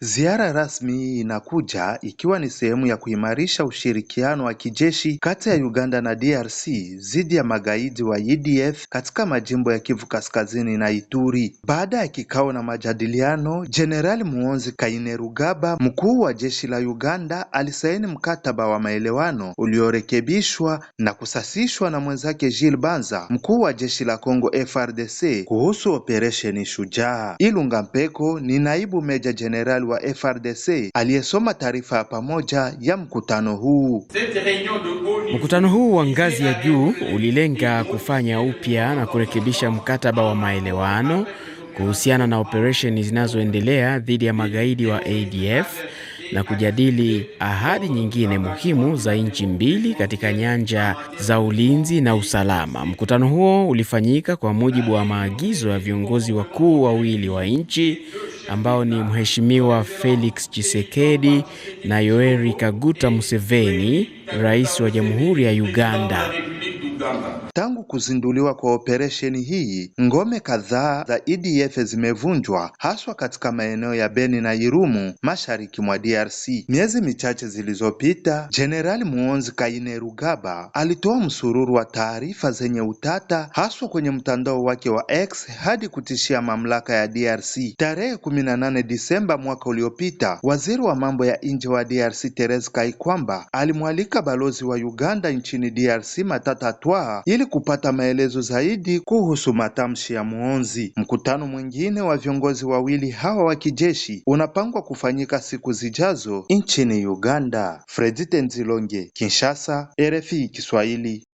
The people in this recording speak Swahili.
Ziara rasmi inakuja ikiwa ni sehemu ya kuimarisha ushirikiano wa kijeshi kati ya Uganda na DRC dhidi ya magaidi wa udf e katika majimbo ya Kivu Kaskazini na Ituri. Baada ya kikao na majadiliano, Jenerali muonzi Kainerugaba, mkuu wa jeshi la Uganda, alisaini mkataba wa maelewano uliorekebishwa na kusasishwa na mwenzake Jules Banza, mkuu wa jeshi la Kongo frdc kuhusu operesheni Shujaa. Ilunga Mpeko ni naibu meja jenerali wa FRDC aliyesoma taarifa ya pamoja ya mkutano huu. Mkutano huu wa ngazi ya juu ulilenga kufanya upya na kurekebisha mkataba wa maelewano kuhusiana na operesheni zinazoendelea dhidi ya magaidi wa ADF na kujadili ahadi nyingine muhimu za nchi mbili katika nyanja za ulinzi na usalama. Mkutano huo ulifanyika kwa mujibu wa maagizo ya viongozi wakuu wawili wa nchi ambao ni Mheshimiwa Felix Chisekedi na yoeri Kaguta Museveni, rais wa Jamhuri ya Uganda. Uganda. Tangu kuzinduliwa kwa operesheni hii, ngome kadhaa za EDF zimevunjwa haswa katika maeneo ya Beni na Irumu mashariki mwa DRC. Miezi michache zilizopita, Jenerali kaine Kainerugaba alitoa msururu wa taarifa zenye utata haswa kwenye mtandao wake wa X hadi kutishia mamlaka ya DRC. Tarehe 18 Disemba mwaka uliopita, waziri wa mambo ya nje wa DRC Therese Kaikwamba alimwalika balozi wa Uganda nchini DRC Matata Twaa ili kupata maelezo zaidi kuhusu matamshi ya muonzi Mkutano mwingine wa viongozi wawili hawa wa kijeshi unapangwa kufanyika siku zijazo nchini Uganda. fredi Tenzilonge, Kinshasa, RFI Kiswahili.